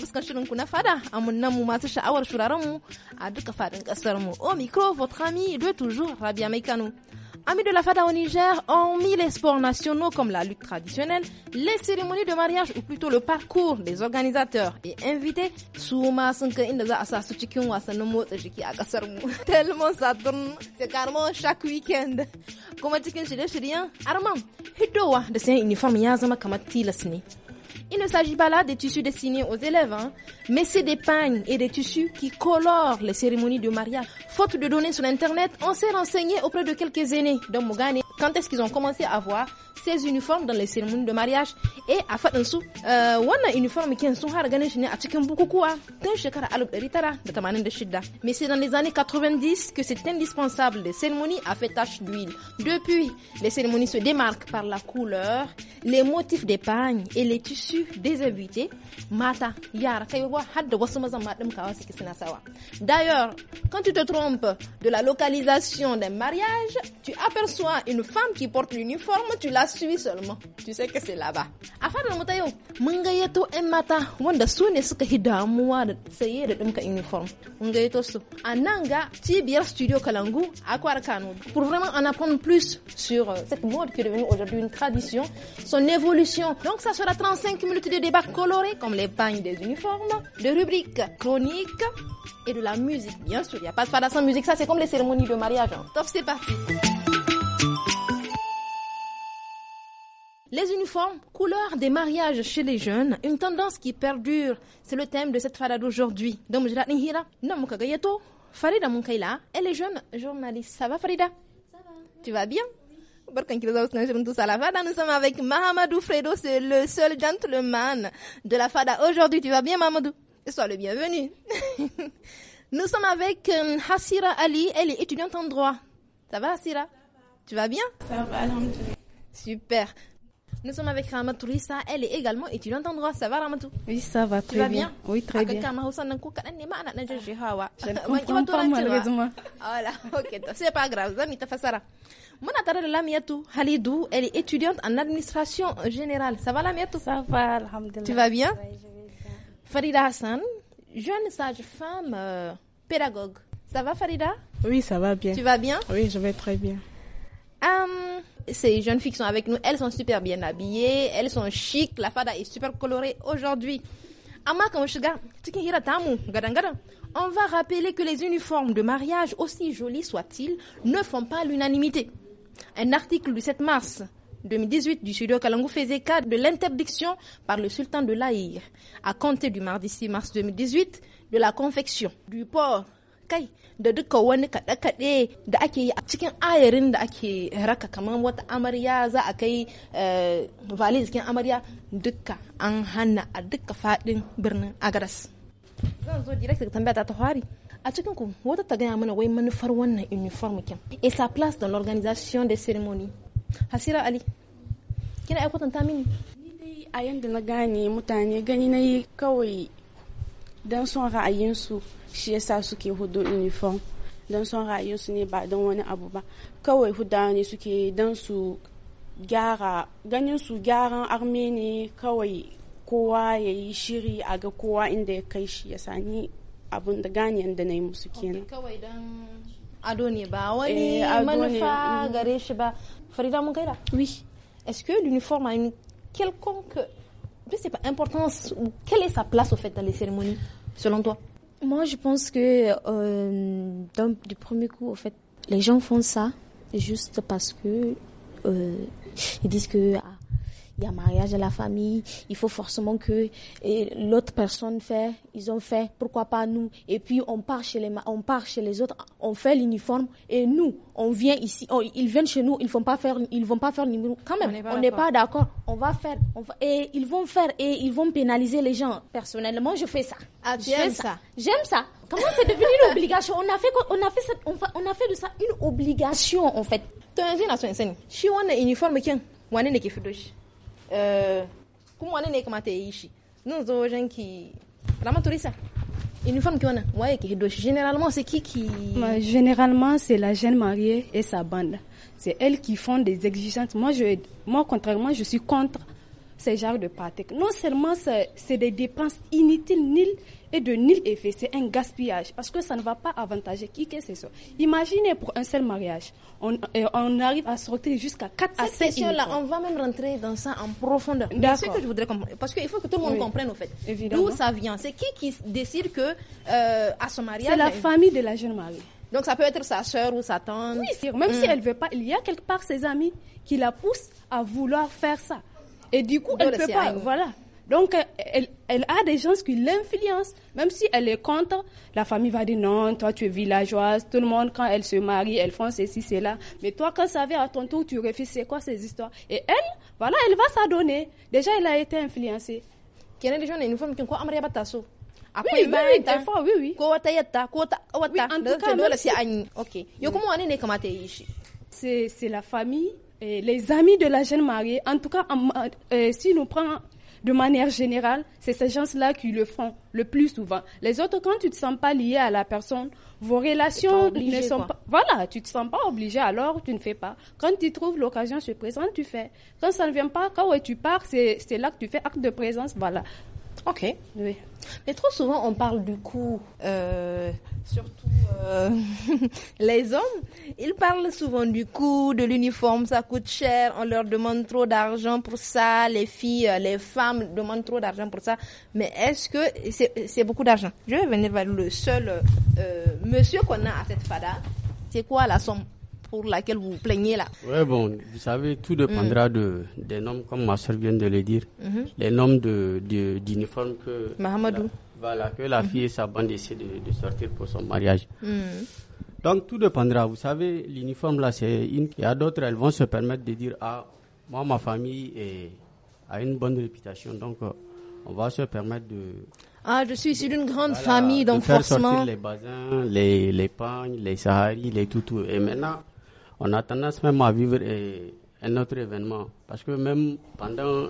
fuskan shirin ku na fada amunnan mu masu sha'awar shuraren mu a duka fadin kasar mu au micro votre ami de toujours Rabia Mekano Amis de la Fada au Niger, hormis les sports nationaux comme la lutte traditionnelle, les cérémonies de mariage ou plutôt le parcours des organisateurs et invités, souma sun ka inda za a sa su cikin wasannin motsa jiki a kasar mu. Tellement ça tourne, c'est carrément chaque week-end. Kuma cikin shirye-shiryen, Arman, hidowa da sayan uniform ya zama kamar a ne. Il ne s'agit pas là des tissus destinés aux élèves, hein, mais c'est des pagnes et des tissus qui colorent les cérémonies de mariage. Faute de données sur Internet, on s'est renseigné auprès de quelques aînés dans Mogane quand est-ce qu'ils ont commencé à voir ces uniformes dans les cérémonies de mariage et à sou, un wannan euh, uniforme kin sun shi ne a mais c'est dans les années 90 que c'est indispensable les cérémonies a fait tache d'huile depuis les cérémonies se démarquent par la couleur les motifs des pagnes et les tissus des invités, mata, yara, kaiwa, hadda, wasumazan si kisina sawa. D'ailleurs, quand tu te trompes de la localisation d'un mariage, tu aperçois une femme qui porte l'uniforme, tu la suis seulement. Tu sais que c'est là-bas. Afar na mutayo, mun gayyato mata wanda su ne suka hidamuwa damuwa da saye da dinka uniform. Mun su. A nan ga Studio Kalangu à pour vraiment en apprendre plus sur euh, cette mode qui est devenue aujourd'hui une tradition, son évolution. Donc ça sera 35 000 de débats colorés comme les bagnes des uniformes, de rubriques chroniques et de la musique. Bien sûr, il n'y a pas de fada sans musique, ça c'est comme les cérémonies de mariage. Hein. c'est parti. Les uniformes, couleur des mariages chez les jeunes, une tendance qui perdure. C'est le thème de cette fada d'aujourd'hui. Donc, je Farida Munkaila, et les jeunes journalistes. Ça va, Farida Ça va. Tu vas bien nous sommes avec Mahamadou Fredo, c'est le seul gentleman de la Fada. Aujourd'hui, tu vas bien, Mahamadou Sois le bienvenu. Nous sommes avec Hassira Ali, elle est étudiante en droit. Ça va, Hassira Tu vas bien Ça va, Super. Nous sommes avec Ramatou Rissa. Elle est également étudiante en droit. Ça va, Ramatou Oui, ça va. Très tu vas bien. Oui, très bien. Je ne comprends pas, malheureusement. Voilà, ok. C'est pas grave. Lamiatou Halidou, elle est étudiante en administration générale. Ça va, Lamiatou Ça va, Alhamdoulilah Tu vas bien Oui, je vais bien. Farida Hassan, jeune sage-femme euh, pédagogue. Ça va, Farida Oui, ça va bien. Tu vas bien Oui, je vais très bien. Hum, ces jeunes filles qui sont avec nous, elles sont super bien habillées, elles sont chic, la fada est super colorée aujourd'hui. On va rappeler que les uniformes de mariage, aussi jolis soient-ils, ne font pas l'unanimité. Un article du 7 mars 2018 du studio Kalangu faisait cadre de l'interdiction par le sultan de l'Aïr, à compter du mardi 6 mars 2018, de la confection, du port kai da duka wani kaɗe-kaɗe da ake yi a cikin ayarin da ake raka kamar wata amarya za a kai eh, valin cikin amarya duka an hana a duka faɗin birnin agaras zan zo direct ga tambaya ta fari a cikin ku wata ta gaya mana wai manufar wannan uniform kin et sa place dans l'organisation des cérémonies hasira ali kina aikwatanta mini a yanda na gane mutane gani na yi kawai dan son ra'ayinsu shi yasa suke hudu uniform dan son ra'ayinsu ne ba dan wani abu ba kawai hudawa ne suke dan su gyara ganin su gyaran arme ne kawai kowa ya yi shiri a ga kowa inda ya kai shi ya sani abun da gani da na yi musu kenan kawai dan ado ne ba wani eh, manufa mm. gare shi ba farida mun gaida oui est-ce que l'uniforme a une quelconque c'est pas important ou quelle est sa place au fait dans les cérémonies, selon toi Moi, je pense que euh, du premier coup, au fait, les gens font ça juste parce que euh, ils disent que ah, il y a mariage à la famille, il faut forcément que l'autre personne fait, ils ont fait, pourquoi pas nous Et puis on part chez les, on part chez les autres, on fait l'uniforme et nous, on vient ici, ils viennent chez nous, ils vont pas faire, ils vont pas faire Quand même, on n'est pas d'accord. On va faire, et ils vont faire et ils vont pénaliser les gens. Personnellement, je fais ça. Ah, ça. J'aime ça. Comment c'est devenu une obligation On a fait, on a fait, on, a fait de ça une obligation en fait. Tu as un uniforme qui est, eh, kuma à ne nous nous ya yi shi zo wajen ki uniforme qui moi là. généralement c'est qui qui généralement c'est la jeune mariée et sa bande c'est elle qui font des exigences moi je moi contrairement je suis contre ces genres de pratiques non seulement c'est des dépenses inutiles nulles et de nul effet. C'est un gaspillage parce que ça ne va pas avantager qui que ce soit. Imaginez pour un seul mariage, on, euh, arrive à sortir jusqu'à 4 à là on va même rentrer dans ça en profondeur. Ce que je parce qu'il faut que tout le monde comprenne au fait d'où ça vient. C'est qui qui décide que euh, à son mariage. C'est la hein? famille de la jeune mariée. Donc ça peut être sa soeur ou sa tante. même si hmm. elle veut pas, il y a quelque part ses amis qui la poussent à vouloir faire ça. Et du coup, elle ne peut pas. Voilà. Donc, elle, elle, a des gens qui l'influencent. Même si elle est contre, la famille va dire non, toi tu es villageoise, tout le monde quand elle se marie, elle font ceci, cela. Mais toi quand ça vient à ton tour, tu refuses, c'est quoi ces histoires Et elle, voilà, elle va s'adonner. Déjà, elle a été influencée. Quelle des gens une femme qui akwai bayan ta oui, oui. Quoi wata yatta ko wata da ta dole sai an yi ok yo comment on est né comme yi c'est la famille et les amis de la jeune mariée en tout cas euh, si nous prenons de manière générale, c'est ces gens-là qui le font le plus souvent. Les autres, quand tu ne te sens pas lié à la personne, vos relations ne sont pas... Voilà, tu ne te sens pas obligé, alors tu ne fais pas. Quand tu trouves l'occasion se présente, tu fais. Quand ça ne vient pas, quand tu pars, c'est là que tu fais acte de présence, voilà. Ok. Oui. Mais trop souvent, on parle du coût, euh, surtout euh, les hommes. Ils parlent souvent du coût, de l'uniforme, ça coûte cher, on leur demande trop d'argent pour ça, les filles, euh, les femmes demandent trop d'argent pour ça. Mais est-ce que c'est beaucoup d'argent Je vais venir vers le seul monsieur qu'on a à cette fada. C'est quoi la somme pour laquelle vous vous plaignez là Oui, bon, vous savez, tout dépendra mm. de, des normes, comme ma soeur vient de le dire, mm-hmm. les normes d'uniforme de, que, La, voilà, que la fille et sa bande essaient de, sortir pour son mariage. Mm. Donc tout dépendra. Vous savez, l'uniforme là, c'est une. Il y a d'autres, elles vont se permettre de dire Ah, moi, ma famille a une bonne réputation, donc euh, on va se permettre de. Ah, je suis d'une grande famille, donc faire forcément. Sortir les basins, les, les les saharis, les toutous. Et maintenant, on a tendance même à vivre euh, un autre événement. Parce que même pendant euh,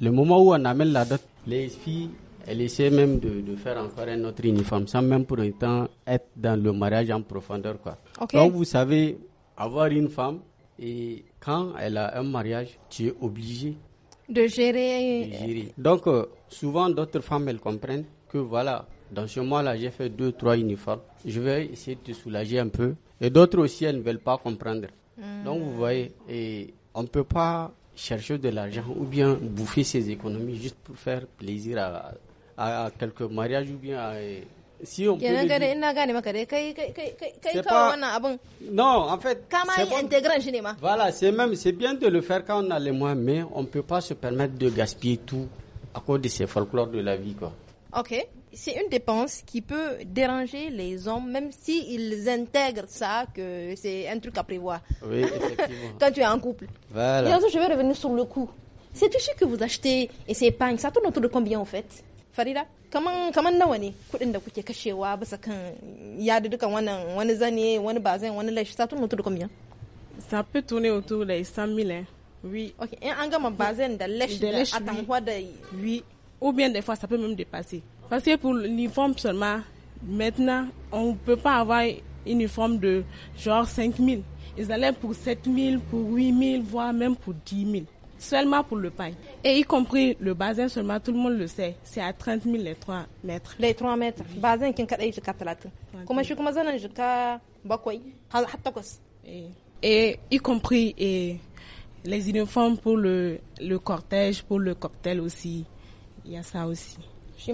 le moment où on amène la date, les filles, elles essaient même de, de faire encore un autre uniforme, sans même pour un temps être dans le mariage en profondeur. Quoi. Donc vous savez, avoir une femme, et quand elle a un mariage, tu es obligé de gérer. Donc euh, souvent d'autres femmes, elles comprennent que voilà, dans ce mois-là, j'ai fait deux, trois uniformes. Je vais essayer de te soulager un peu. Et d'autres aussi, elles ne veulent pas comprendre. Hmm. Donc, vous voyez, et on ne peut pas chercher de l'argent ou bien bouffer ses économies juste pour faire plaisir à, à, quelques mariages ou bien à, si on non en fait voilà c'est même c'est bien de le faire quand on a les moyens mais on peut pas se permettre de gaspiller tout à cause de ces folklores de la vie quoi ok c'est une dépense qui peut déranger les hommes, même s'ils intègrent ça, que c'est un truc à prévoir. Oui, effectivement. Quand tu es en couple. Voilà. Et je vais revenir sur le coût. C'est tout ce que vous achetez et ces épargne. Ça tourne autour de combien, en fait Farida comment kaman nawa ne kuɗin da kuke kashewa bisa kan wannan wani wani wani des ça tourne autour de combien ça peut tourner autour de 100 000 oui ok et en gamme de à 100 oui ou bien des fois ça peut même dépasser parce que pour l'uniforme seulement, maintenant, on ne peut pas avoir une uniforme de genre 5 000. Ils allaient pour 7 000, pour 8 000, voire même pour 10 000. Seulement pour le pain. Et y compris le bazin seulement, tout le monde le sait, c'est à 30 000 les 3 mètres. Les 3 mètres. Bazin qui est à Comment je comme Et y compris les uniformes pour le, le cortège, pour le cocktail aussi. Il y a ça aussi shi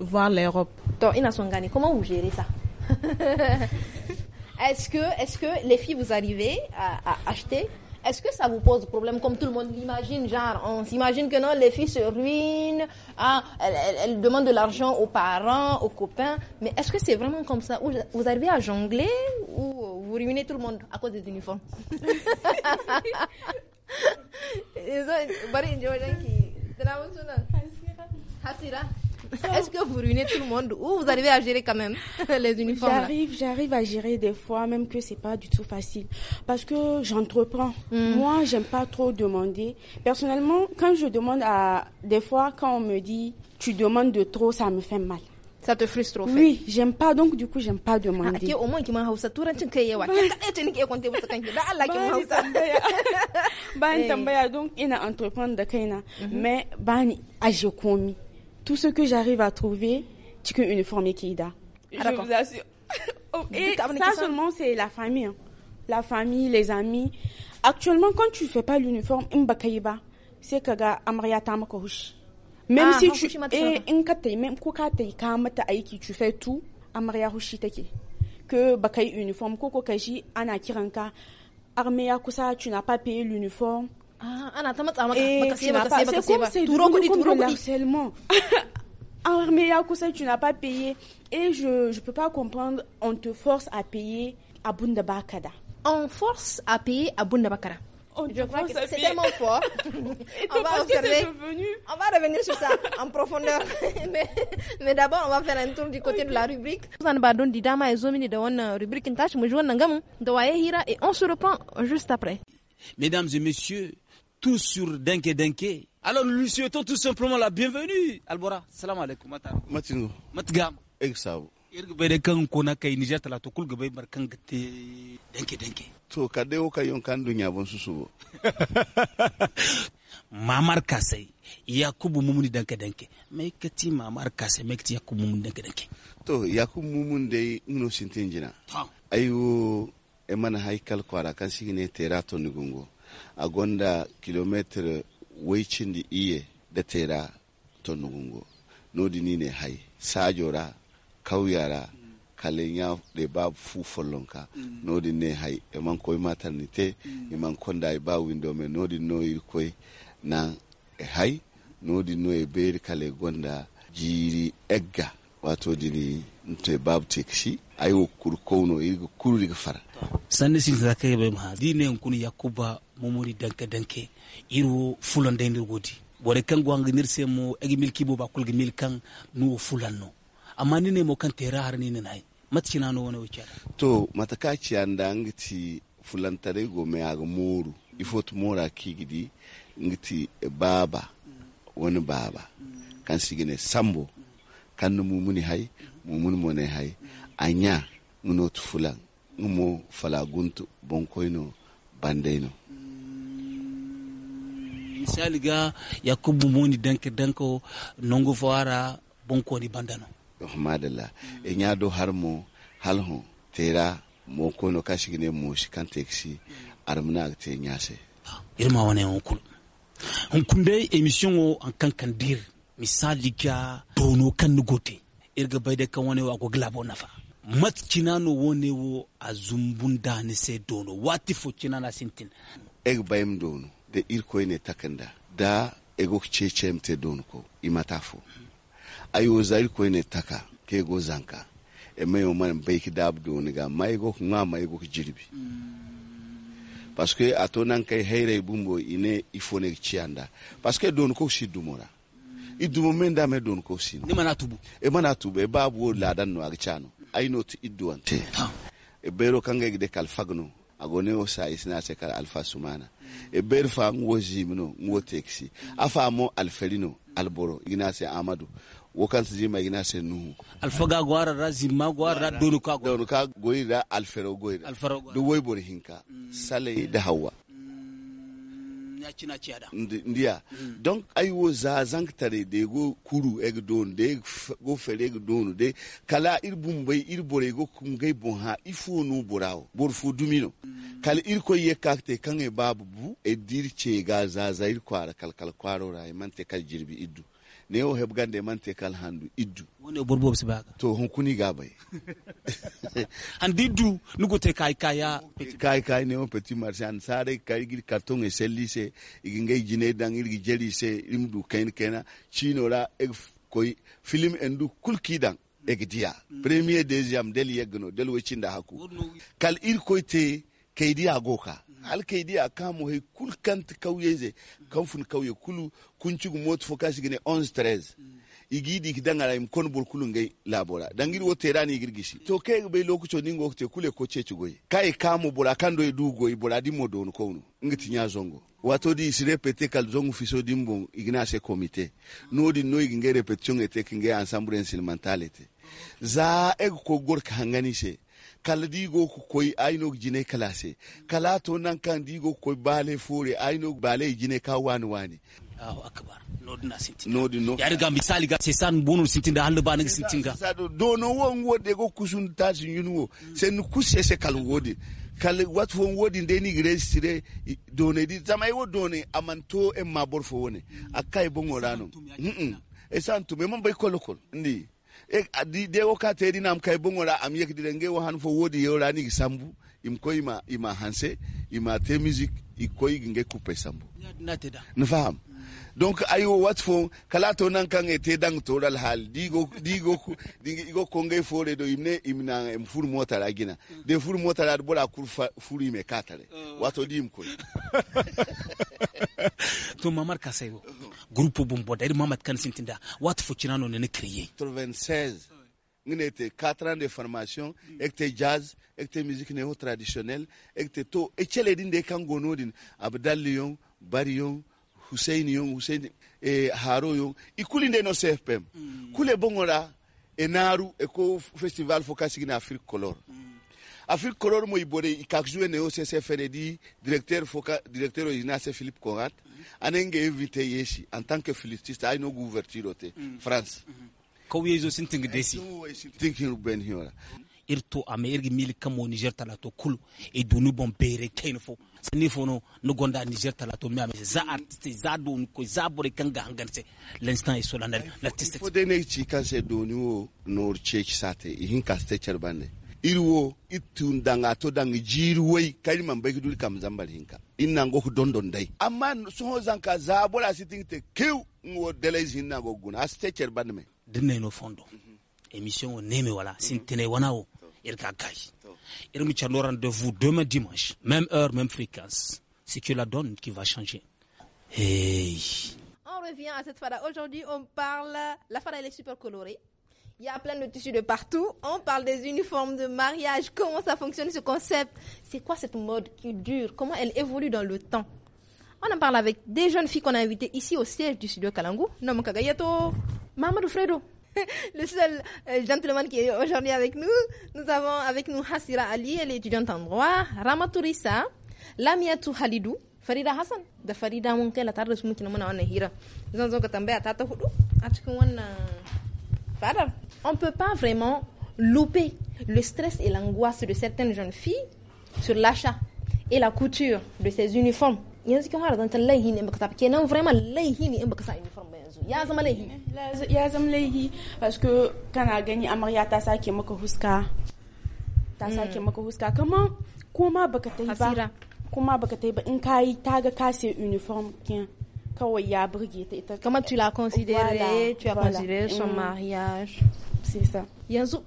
voir l'Europe ina comment vous gérez ça est-ce que est-ce que les filles vous arrivez à, acheter est-ce que ça vous pose problème comme tout le monde l'imagine Genre, on s'imagine que non, les filles se ruinent, hein, elles, demandent de l'argent aux parents, aux copains. Mais est-ce que c'est vraiment comme ça Ou vous arrivez à jongler ou vous ruinez tout le monde à cause des uniformes Est-ce que vous ruinez tout le monde ou vous arrivez à gérer quand même les uniformes J'arrive, j'arrive à gérer des fois, même que c'est pas du tout facile, parce que j'entreprends. Mm. Moi, j'aime pas trop demander. Personnellement, quand je demande à des fois, quand on me dit tu demandes de trop, ça me fait mal. Ça te frustre au fait Oui, j'aime pas, donc du coup, j'aime pas demander. Ah, au moins, qui m'a haussa, tout rentre, qui yawa. Qui ni qui compté pour ça, qui da Allah qui m'a haussa. Bani tambaya, donc, ina entreprendre da kaina. Mhm. Mais, bani, aje komi. Tout ce que j'arrive à trouver, c'est cikin uniforme qui ah, da. Je vous assure. Oh, et ça seulement, c'est la famille. Hein. La famille, les amis. Actuellement, quand tu ne fais pas l'uniforme, c'est que mbakayiba, c'est kaga amriya tamaka hushi même ah, si tu et in ka tay même ko ka tay ka mata aiki tu fais tout amarya hushi take que bakai uniforme ko ko kaji ana kiranka armée ya kusa tu n'as pas payé l'uniforme ah ana ta matsa maka baka sai baka sai baka turo kudi seulement armée ya kusa tu n'as pas payé et je je peux pas comprendre on te force à payer abunda bakada on force à payer abunda bakada on oh, je crois que c'est tellement fort. Et on, va observer, on va revenir sur ça en profondeur. mais mais d'abord, on va faire un tour du côté okay. de la rubrique. Et on se reprend juste après. Mesdames et messieurs, tout sur Denke Denke. Alors nous lui souhaitons tout simplement la bienvenue. Albora, salam alaikum. Matino. Matgam. Exao. irga bai da kan ko na kai Niger talato kul ga bai bar kan gate danke danke to ka dai ka yon kan dunya bun su su mamar ka sai yakubu mumuni danke danke mai ka ti mamar ka sai mai ka ti yakubu mumuni danke danke to yakubu mumun dai ngno sintin jina ayo e mana haikal kwara kan sigine tera ni gungo a gonda kilometer waicin da iye da tera to nugungo nodi ni ne hai sajora kawyara kalen ya de ba fu folonka mm. no di ne hay e man koy maternité mm. e man konda e ba windo me no di no ir koy na e hay no di no e beri kale gonda jiri egga wato di ni te babu tekshi ay wo kur kowno ir kuru di fara sanne sin zakai be ma di ne kun yakuba momori danke danke iru fulon de ndir godi bore kan gwangi nir semo egi milki bo ba kulgi milkan n'o fulan no amanine kante raharnininahay matchinanowonawichara to matakachi andangiti fulantare gome aga moru ifot mora kigidi ngiti baba wani baba kan sigine sambo kan mumuni hay mumuni mone hay anya munot fulan ngumo falaguntu bonkoino bandeino misali ga yakubu moni danke danko nongo fawara bonkoni bandano Oh, madala in e ya do har mu halhu tera mu kono kan mo armuna ta nya sai irma wane onkul hunkunde emission o an kan kan dir misali ga dono kan gote irga bai da kan wani ko glabo nafa mat no wone wo a zumbun da ni sai dono wati fo kina sintin eg bayim dono da irko ne takanda da ego cecem te dono ko imatafo ayo zair ko ne taka ke go zanka e me o man be dab do ni ga mai go nga mai go jirbi mm. parce que atonan kai heire bumbo ine ifone chianda parce que don ko si dumora mm. i dumo men da me don ko si ni mana tubu e mana tubu e babu ladan no agchano ai no ti iduante e bero kanga gide kal fagno agone o sa isna se kal alfa sumana e ber fa ngo jimno ngo taxi mm. afa mo alferino alboro igna se amadu wo kan siji ma ina se nu alfaga gwara ra zimma gwara donu ka gwara donu ka gori da alfero gori da alfero gori do bori hinka mm. sale da hawa mm, ya na ciya da ndiya mm. don ayiwa wo za zank tare de go kuru eg don de go fere eg don de kala ir bumbay ir bore go kungay bon ha ifo nu borao bor fu dumino kala ir ko ye kakte kange babu bu e dir ce ga za za ir kwara kal kal kwaro ray e man te kal jirbi iddu ne yo hebgande e te kala handu iddu woni o borboɓe sibaga to hon kuni gabay hande iddu nugote kay kaya kay kay ne on petit marché an sare kay gil carton e sellise igi ngay jine dan irgi jeli se imdu ken kena ra e koy film en du kulkidan ege diya premier deuxième del yeggno del weccinda hakku kal ir koyte kaydi agoka halkaydii he kul kant kawyeze kanfun kawye kulu kuncugu mot fokasigine 11 13 igidi kidangalayim kon bol kulu kulungay labora dangiri wo terani igirgishi to ke be loku cho ningo te kule ko chechu goy kai kamu bora kando edu goy bora di modon ko nu ngiti nya zongo wato di si repete kal zongo fiso dimbo ignace comité no di no igingere repetition ete kinge ensemble en instrumentalite za eg ko gor kanganise ka kala digo ko koy ayno jine classé kala to nan kan digo ko balé fure ayno balé jine ka wani wani ah akbar nodina sintinga no yari gambi sali ga sai san bunul sintinga hande ba nan sintinga do no won wode go kusun ta sin yunwo sen kusse se kal wode kal wat fo wodi ndeni gresire do ne di tama e wodone amanto e mabor fo woni akai bongorano hmm e santu be mon bay kolokol ndi e di dego ka tedi nam kay bongola am yek direnge wo han fo wodi yorani sambu im koy ima ima hanse ima te musique i koy nge couper sambu na faham donc ayo wat fo kala to nan kan ete dang to hal digo digo digo konge fore do imne imna em fur mota la gina de fur mota la bola kur furi me katale wato dim ko to mamar kasego groupe bumbo dari mamat kan sintinda wat fo cinano ne créer 96 ngene te 4 ans de formation ek te jazz ek te musique néo traditionnelle ek te to et chele din de kan gono din barion Hussein yon Hussein e haro yon ikuli nde no CFPM mm. kule bongola e eh, naru e festival fokasi gina Afrique Color mm. Afrique Color mo ibore ikakjue ne OCCFN di directeur fo directeur original se Philippe Conrad mm. anenge evite yeshi antanke filistista, que philististe ay no ouverture te mm. France mm -hmm. ko yezo sinting desi thinking ben hiora irto amergi mil kamo Niger talato kulu e dunu bombere kain fo mm sani fono no gonda niger tala to miame za artiste za doni ko za bore kanga hangarse l'instant est solennel l'artiste fo dene ci kan se doni wo nor cheki sate hin kaste charbane irwo itun danga to dangi jirwai kalman bai dul kam zambal hinka inna go dondon dai amma so zanka za bora sitin te kiw ngo delais hinna go gun ste charbane me dinne no fondo émission o neme wala sintene wana o irka gaji Irmicha nous rendez-vous demain dimanche, même heure, même fréquence. C'est que la donne qui va changer. On revient à cette fada. Aujourd'hui, on parle. La fada, elle est super colorée. Il y a plein de tissus de partout. On parle des uniformes de mariage. Comment ça fonctionne ce concept C'est quoi cette mode qui dure Comment elle évolue dans le temps On en parle avec des jeunes filles qu'on a invitées ici au siège du studio Kalangu. Nomo Kagayato, Mamadou Fredo. le seul euh, gentleman qui est aujourd'hui avec nous. Nous avons avec nous Hassira Ali, elle est étudiante en droit, Ramatourissa, Lamiatou Halidou, Farida Hassan, De Farida la On peut pas vraiment louper le stress et l'angoisse de certaines jeunes filles sur l'achat et la couture de ces uniformes yanzu kin fara zantar laihi ne in baka sa kenan vraiment laihi ne in baka sa uniform ba yanzu ya zama laihi ya zama laihi parce que kana gani amarya ta sake maka huska ta sake maka huska kuma kuma baka ta yi ba kuma baka ta yi ba in ka yi ta ga ka sai uniform kin kawai ya burge ta ita kamar tu la considères tu as considéré son mm. mariage c'est ça yanzu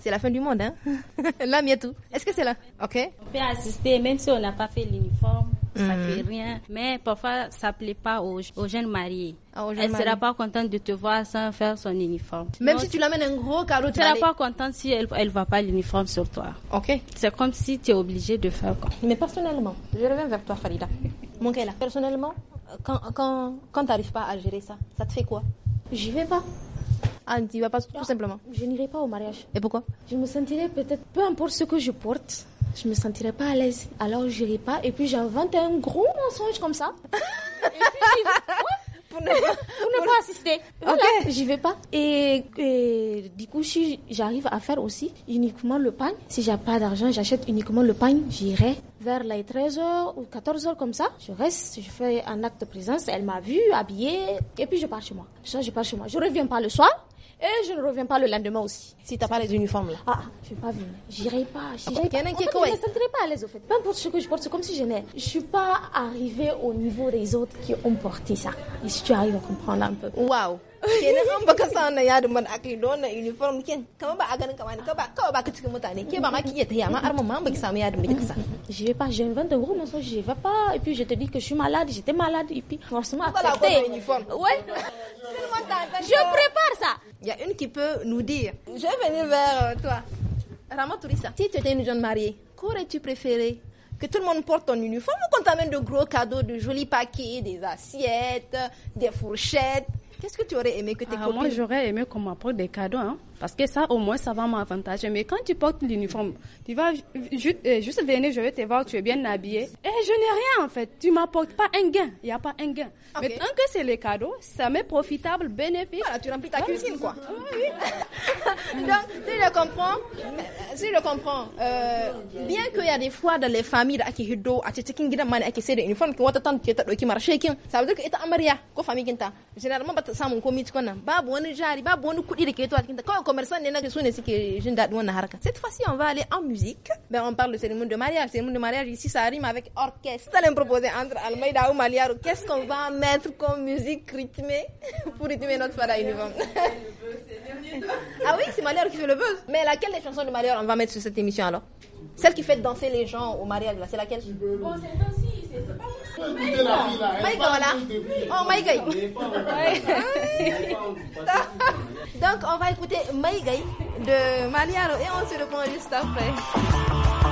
c'est la fin du monde hein là tout est-ce que c'est là OK on peut assister même si on n'a pas fait l'uniforme ça ne mhm. fait rien. Mais parfois, ça plaît pas aux, jeunes mariés. Ah, elle sera pas contente de te voir sans faire son uniforme. Même si tu l'amènes un gros carreau, tu seras pas contente si elle, ne voit pas l'uniforme sur toi. Ok. C'est comme si tu es obligé de faire quoi. Mais personnellement, je reviens vers toi, Farida. Mon personnellement, quand, quand, quand tu n'arrives pas à gérer ça, ça te fait quoi j'y vais pas. Ah, tu vas pas tout simplement Je n'irai pas au mariage. Et pourquoi Je me sentirai peut-être, peu importe ce que je porte, je me sentirai pas à l'aise. Alors j'irai pas et puis j'invente un gros mensonge comme ça. et puis, vous ne pas, pas assister. j'y vais pas. Et, du coup, si j'arrive à faire aussi uniquement le pain, si j'ai pas d'argent, j'achète uniquement le pain. j'irai vers les 13h ou 14h comme ça. Je reste, je fais un acte de présence, elle m'a vu, habillée, et puis je pars chez moi. Ça, je pars chez moi. Je reviens pas le soir. Et je ne reviens pas le lendemain aussi. Si t'as pas les uniformes là. Ah, je vais pas venir. J'irai pas. J'irai ah, pas. En fait, je ne me sentirai pas à l'aise au fait. Peu importe ce que je porte, c'est comme si je n'ai. Je suis pas arrivée au niveau des autres qui ont porté ça. Et si tu arrives à comprendre un peu. Waouh. Je ne baka sa je ne man uniform ba ka ba mutane ke ba ma ma ma baki samu je vais pas j'ai 20 euros mon sang je vais pas et puis je te dis que je suis malade j'étais malade et puis forcément ouais je prépare ça il y a une qui peut nous dire je vais venir vers euh, toi Rama Tourissa si tu étais une jeune mariée qu'aurais-tu préféré que tout le monde porte ton uniforme ou qu'on t'amène de gros cadeaux, de jolis paquets, des assiettes, des fourchettes Qu'est-ce que tu aurais aimé que tes ah, copines... Moi, j'aurais aimé qu'on m'apporte des cadeaux, hein. parce que ça, au moins, ça va m'avantager. Mais quand tu portes l'uniforme, tu vas euh, euh, juste venir, je vais te voir, tu es bien habillée. Et eh, je n'ai rien, en fait. Tu m'apportes pas un gain. Il n'y a pas un gain. Mais tant que c'est les cadeaux, ça m'est profitable, bénéfique. Voilà, tu remplis ta cuisine, quoi. Ah, oui. Donc, tu le comprends Si euh, le comprends, euh, bien qu'il y a des fois dans les familles, qui qui ça veut dire que c'est Amaria, famille, généralement, bah, ça, mon cikin wannan babu wani jari babu wani kuɗi da ke kawai commerçant ne na su ne wannan harka cette fois-ci on va aller en musique ben on parle de cérémonie de mariage cérémonie de mariage ici ça rime avec orchestre ça me proposer entre Almeida ou Maliaro qu'est-ce qu'on va mettre comme musique rythmée pour rythmer notre fada uniforme ah oui c'est Maliaro qui fait le buzz mais laquelle des chansons de Maliaro on va mettre sur cette émission alors celle qui fait danser les gens au mariage, c'est laquelle Bon, c'est c'est pas Maïga, voilà. Oh, Donc, on va écouter Maïgaï de Maniaro et on se reprend juste après.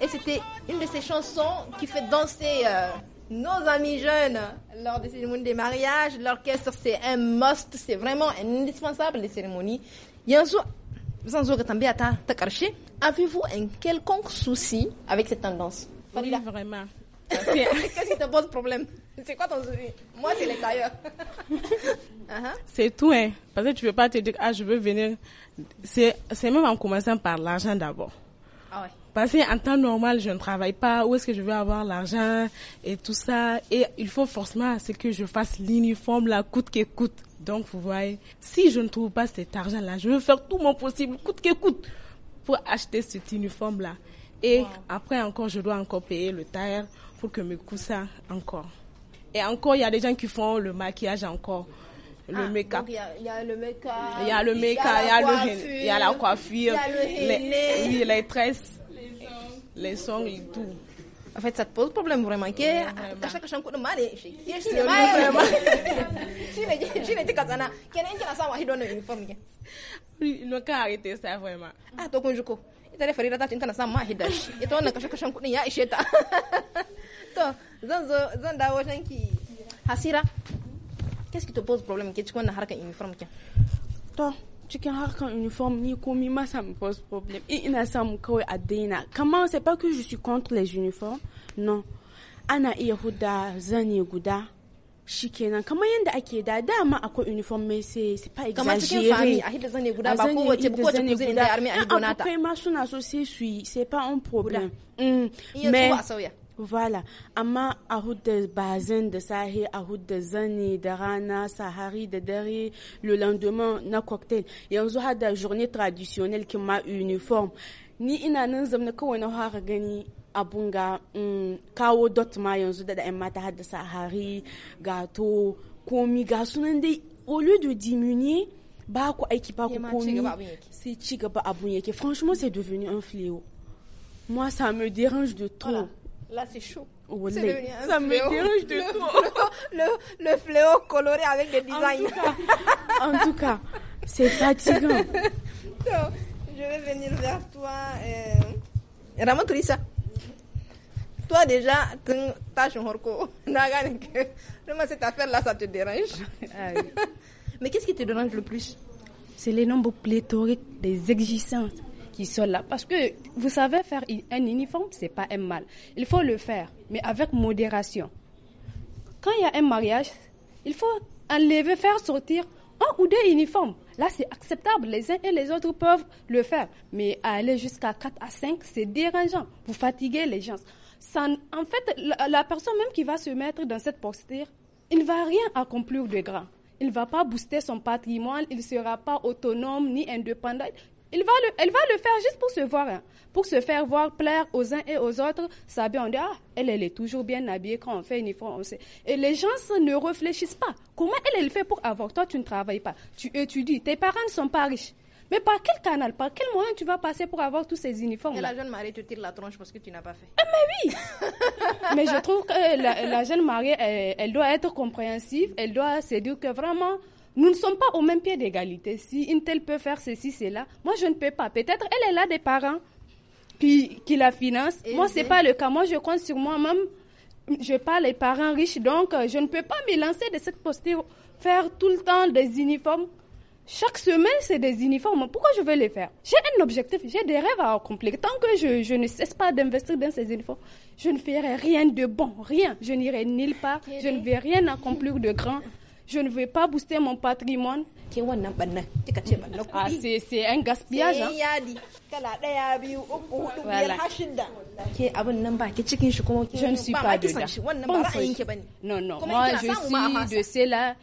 et c'était une de ces chansons qui fait danser euh, nos amis jeunes lors des cérémonies de mariage. L'orchestre, c'est un must, c'est vraiment indispensable les cérémonies. Yanzu, Zanzo ta avez-vous un quelconque souci avec cette tendance oui, vraiment. Qu'est-ce qui te pose problème C'est quoi ton souci Moi, c'est les tailleurs. Uh-huh. C'est tout, hein. Parce que tu ne peux pas te dire, ah, je veux venir. C'est même en commençant par l'argent d'abord. Ah ouais. Parce qu'en temps normal, je ne travaille pas. Où est-ce que je vais avoir l'argent et tout ça Et il faut forcément que je fasse l'uniforme, la coûte que coûte. Donc, vous voyez, si je ne trouve pas cet argent-là, je veux faire tout mon possible, coûte que coûte, pour acheter cet uniforme-là. Et après encore, je dois encore payer le tailleur pour que mes coûte ça encore. Et encore, il y a des gens qui font le maquillage encore le ah, make-up. Il y, a le make-up. Il y a le make-up, il y a, la coiffure, il y a oui, les tresses les sons et tout. En fait, ça te pose problème vraiment. Que à chaque chambre de mal, je suis vraiment. Je n'étais te ça. Quel est le cas où il donne une uniforme Il n'a qu'à arrêter ça vraiment. Ah, toi, quand je cours. Il t'a faire la tête, il ça m'a aidé. Et toi, on a qu'à chaque chambre de ya et cheta. Toi, zanzo, zanda, wajanki. Hasira, qu'est-ce qui te pose problème? Qu'est-ce qu'on a haraka uniforme? Toi cikin harkan uniforme ni komi ma ça me pose problème in ina samu kawai a daina comment c'est pas que je suis contre les uniformes non ana iya huda zane guda shikenan kamar yadda ake da dama akwai uniform mai sai sai fa exaggeré kamar cikin fami a hidda zane guda ba kowace ba kowace kuzin da army a hidda nata akwai ma suna so sai su yi sai fa un problème hum. mais voilà, amma a da bazin de sahi a de zani de rana sahari de dare le lendemain na cocktail yanzu har da journée traditionnelle qui ma uniforme ni ina nan zamna kawai na fara gani abunga ga mm, kawo dot ma yanzu da 'yan mata sahari gato komi ga sunan dai au lieu de diminuer ba ku aiki ba ku komi sai ci gaba abun yake franchement c'est devenu un fléau moi ça me dérange de trop voilà. Là, c'est chaud. ça me dérange de tout. Le, le, fléau coloré avec des designs. En tout cas, c'est fatigant. je vais venir vers toi. Euh... Trissa. Toi, déjà, tâche un Vraiment, cette affaire-là, ça te dérange. Ah Mais qu'est-ce qui te dérange le plus C'est les nombres pléthoriques des exigences qui sont là. Parce que vous savez, faire un uniforme, c'est pas un mal. Il faut le faire, mais avec modération. Quand il y a un mariage, il faut enlever, faire sortir un ou deux uniformes. Là, c'est acceptable. Les uns et les autres peuvent le faire. Mais aller jusqu'à 4 à 5, c'est dérangeant. Vous fatiguez les gens. Ça, en fait, la, la, personne même qui va se mettre dans cette posture, il ne va rien accomplir de grand. Il ne va pas booster son patrimoine, il ne sera pas autonome ni indépendant elle va le faire juste pour se voir, hein. pour se faire voir, plaire aux uns et aux autres. S'habiller, on dit, ah, elle, est toujours bien habillée quand on fait une uniforme, Et les gens ne réfléchissent pas. Comment elle, elle fait pour avoir Toi, tu ne travailles pas. Tu étudies. Tes parents ne sont pas riches. Mais par quel canal, par quel moyen tu vas passer pour avoir tous ces uniformes Et la jeune mariée te tire la tronche parce que tu n'as pas fait. Ah, mais oui Mais je trouve que la, jeune mariée, elle, doit être compréhensive, elle doit se dire que vraiment, nous ne sommes pas au même pied d'égalité. Si une telle peut faire ceci, cela, moi je ne peux pas. Peut-être elle est là des parents qui, qui la financent. Eh moi, ce n'est pas le cas. Moi, je compte sur moi-même. Je parle les parents riches, donc euh, je ne peux pas me lancer de cette posture, faire tout le temps des uniformes. Chaque semaine, c'est des uniformes. Pourquoi je vais les faire J'ai un objectif, j'ai des rêves à accomplir. Tant que je, je ne cesse pas d'investir dans ces uniformes, je ne ferai rien de bon, rien. Je n'irai nulle part, je ne vais rien accomplir de grand je ne veux pas booster mon patrimoine. Ah, c'est un gaspillage. Hein. Je ne suis pas de là. Non, non, moi je suis de ceux-là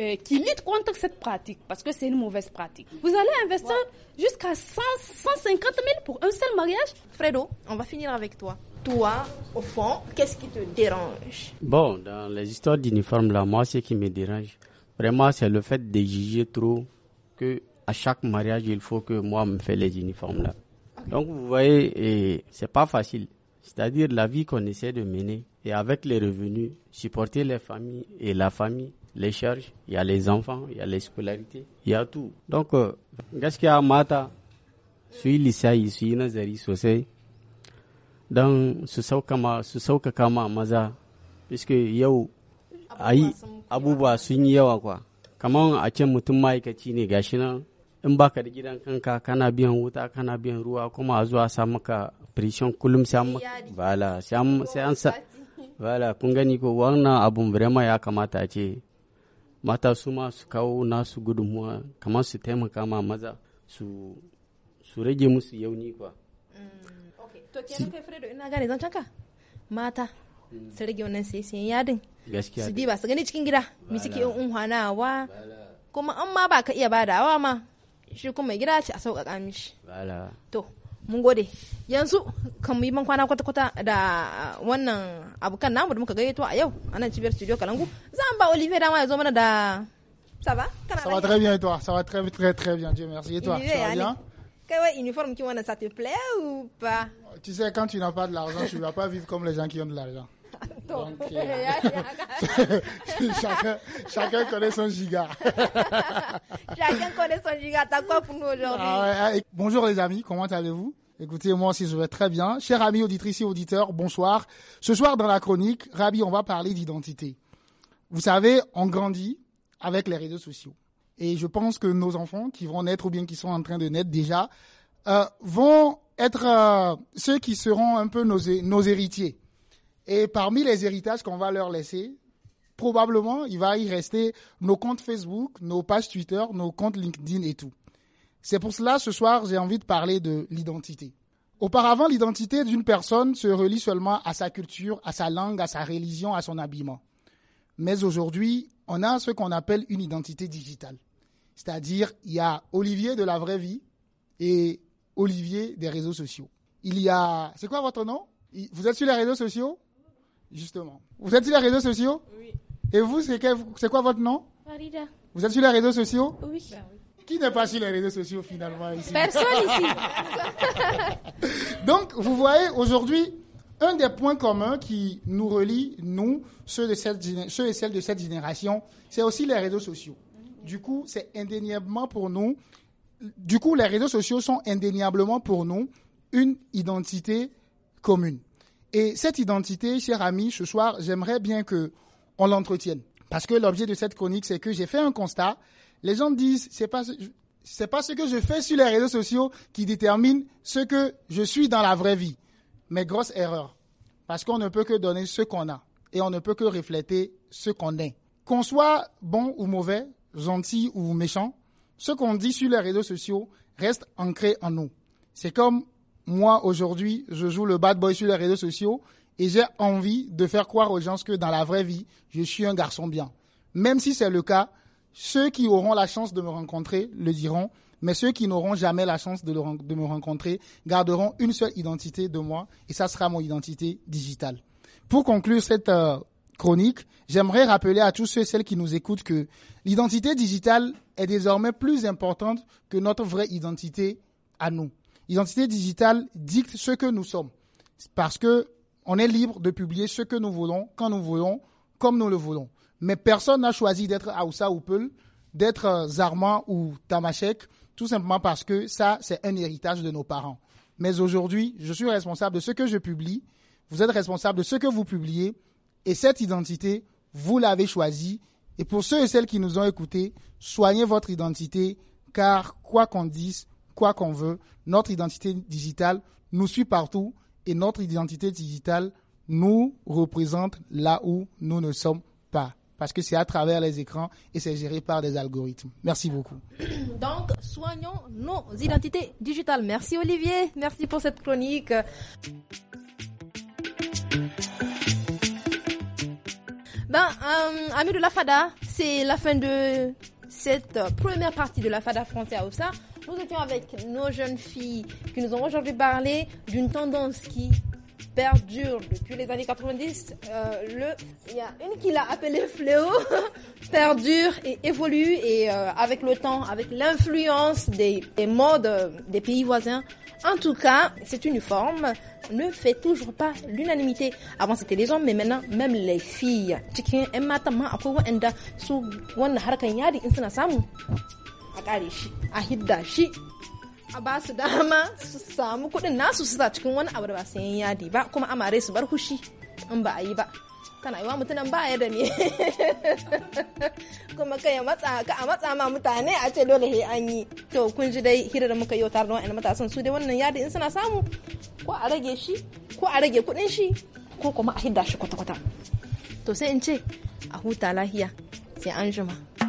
euh, qui luttent contre cette pratique parce que c'est une mauvaise pratique. Vous allez investir jusqu'à 150 000 pour un seul mariage Fredo, on va finir avec toi toi, au fond, qu'est-ce qui te dérange Bon, dans les histoires d'uniformes, là, moi, ce qui me dérange, vraiment, c'est le fait de juger trop que à chaque mariage, il faut que moi me fais les uniformes là. Donc, vous voyez, c'est pas facile. C'est-à-dire la vie qu'on essaie de mener et avec les revenus, supporter les familles et la famille, les charges, il y a les enfants, il y a les scolarités, il y a tout. Donc, euh, qu'est-ce qu'il y a, Mata? suis Lisa, je suis Nazari Sosei. don su sauƙaƙa ma maza fiske yau a yi abubuwa sun yi yawa kwa kamar a ce mutum ma'aikaci ne gashi nan in baka da gidan kanka kana biyan wuta kana biyan ruwa kuma a zuwa sa maka prison kullum sai an sa bala kun gani ko wannan abun birema ya kamata ce mata su ma su kawo nasu gudunmuwa kamar su taimaka ma maza su rage musu yauni kwa Mm. to kenan kai fredo ina gane zan canka? mata mm. su rage wannan yadin su diba su gani cikin gida mi suke yin unhwanawa kuma an ma ba ka iya badawa ma shi kuma gida ce a sauƙaƙa mishi to mun gode yanzu kan mu yi kwana kwata-kwata da wannan abokan namu da muka gayyato a yau a nan cibiyar studio kalangu za mu ba olivier dama ya zo mana da Ça va Ça va très bien et toi Ça va très très très bien, Dieu merci. Et toi bien uniforme qui ça te plaît ou pas Tu sais, quand tu n'as pas de l'argent, tu ne vas pas vivre comme les gens qui ont de l'argent. Donc, euh, chacun, connaît son giga. chacun connaît son giga. T'as quoi pour nous aujourd'hui ah ah, Bonjour les amis, comment allez-vous Écoutez, moi si je vais très bien. Chers amis auditrices et auditeurs, bonsoir. Ce soir dans la chronique, Rabi, on va parler d'identité. Vous savez, on grandit avec les réseaux sociaux. Et je pense que nos enfants qui vont naître ou bien qui sont en train de naître déjà euh, vont être euh, ceux qui seront un peu nos, nos héritiers. Et parmi les héritages qu'on va leur laisser, probablement, il va y rester nos comptes Facebook, nos pages Twitter, nos comptes LinkedIn et tout. C'est pour cela, ce soir, j'ai envie de parler de l'identité. Auparavant, l'identité d'une personne se relie seulement à sa culture, à sa langue, à sa religion, à son habillement. Mais aujourd'hui, on a ce qu'on appelle une identité digitale. C'est-à-dire, il y a Olivier de la vraie vie et Olivier des réseaux sociaux. Il y a. C'est quoi votre nom Vous êtes sur les réseaux sociaux Justement. Vous êtes sur les réseaux sociaux Oui. Et vous, c'est quoi votre nom Farida. Vous êtes sur les réseaux sociaux oui. Qui n'est pas sur les réseaux sociaux finalement ici Personne ici. Donc, vous voyez, aujourd'hui, un des points communs qui nous relie, nous, ceux, de ceux et celles de cette génération, c'est aussi les réseaux sociaux. Du coup, c'est indéniablement pour nous. Du coup, les réseaux sociaux sont indéniablement pour nous une identité commune. Et cette identité, cher amis, ce soir, j'aimerais bien que on l'entretienne. Parce que l'objet de cette chronique, c'est que j'ai fait un constat. Les gens disent, c'est pas, c'est pas ce que je fais sur les réseaux sociaux qui détermine ce que je suis dans la vraie vie. Mais grosse erreur. Parce qu'on ne peut que donner ce qu'on a. Et on ne peut que refléter ce qu'on est. Qu'on soit bon ou mauvais, gentil ou méchant, ce qu'on dit sur les réseaux sociaux reste ancré en nous. C'est comme moi aujourd'hui, je joue le bad boy sur les réseaux sociaux et j'ai envie de faire croire aux gens que dans la vraie vie, je suis un garçon bien. Même si c'est le cas, ceux qui auront la chance de me rencontrer le diront, mais ceux qui n'auront jamais la chance de, me rencontrer garderont une seule identité de moi et ça sera mon identité digitale. Pour conclure cette euh, chronique, J'aimerais rappeler à tous ceux et celles qui nous écoutent que l'identité digitale est désormais plus importante que notre vraie identité à nous. L'identité digitale dicte ce que nous sommes parce que on est libre de publier ce que nous voulons, quand nous voulons, comme nous le voulons. Mais personne n'a choisi d'être Aoussa ou Peul, d'être Zarman ou Tamashek, tout simplement parce que ça, c'est un héritage de nos parents. Mais aujourd'hui, je suis responsable de ce que je publie, vous êtes responsable de ce que vous publiez, et cette identité, vous l'avez choisi. Et pour ceux et celles qui nous ont écoutés, soignez votre identité, car quoi qu'on dise, quoi qu'on veut, notre identité digitale nous suit partout et notre identité digitale nous représente là où nous ne sommes pas. Parce que c'est à travers les écrans et c'est géré par des algorithmes. Merci beaucoup. Donc, soignons nos identités digitales. Merci Olivier, merci pour cette chronique. Ben, euh, amis de la FADA, c'est la fin de cette première partie de la FADA Frontière au ça. Nous étions avec nos jeunes filles qui nous ont aujourd'hui parlé d'une tendance qui perdure depuis les années 90. Euh, il y a une qui l'a appelée fléau, perdure et évolue et euh, avec le temps, avec l'influence des, modes des pays voisins. En tout cas, c'est une forme ne fait toujours pas l'unanimité. Avant c'était les hommes, mais maintenant même les filles. Cikin et matama ma akwai enda su wannan harkan yari in suna samu a shi, a hidda shi. a dama samu kuɗin nasu su cikin wani abu da yadi ba kuma amare su hushi in ba. kana yiwa mutunan baya da ne kuma kai ya matsa ka a matsa ma mutane a ce dole he an yi to kun ji dai hirar muka yi tare da wa'annan matasan su dai wannan yadi in suna samu ko a rage shi ko a rage kuɗin shi ko kuma a hidda shi kwata-kwata to sai in ce a huta lahiya sai an jima.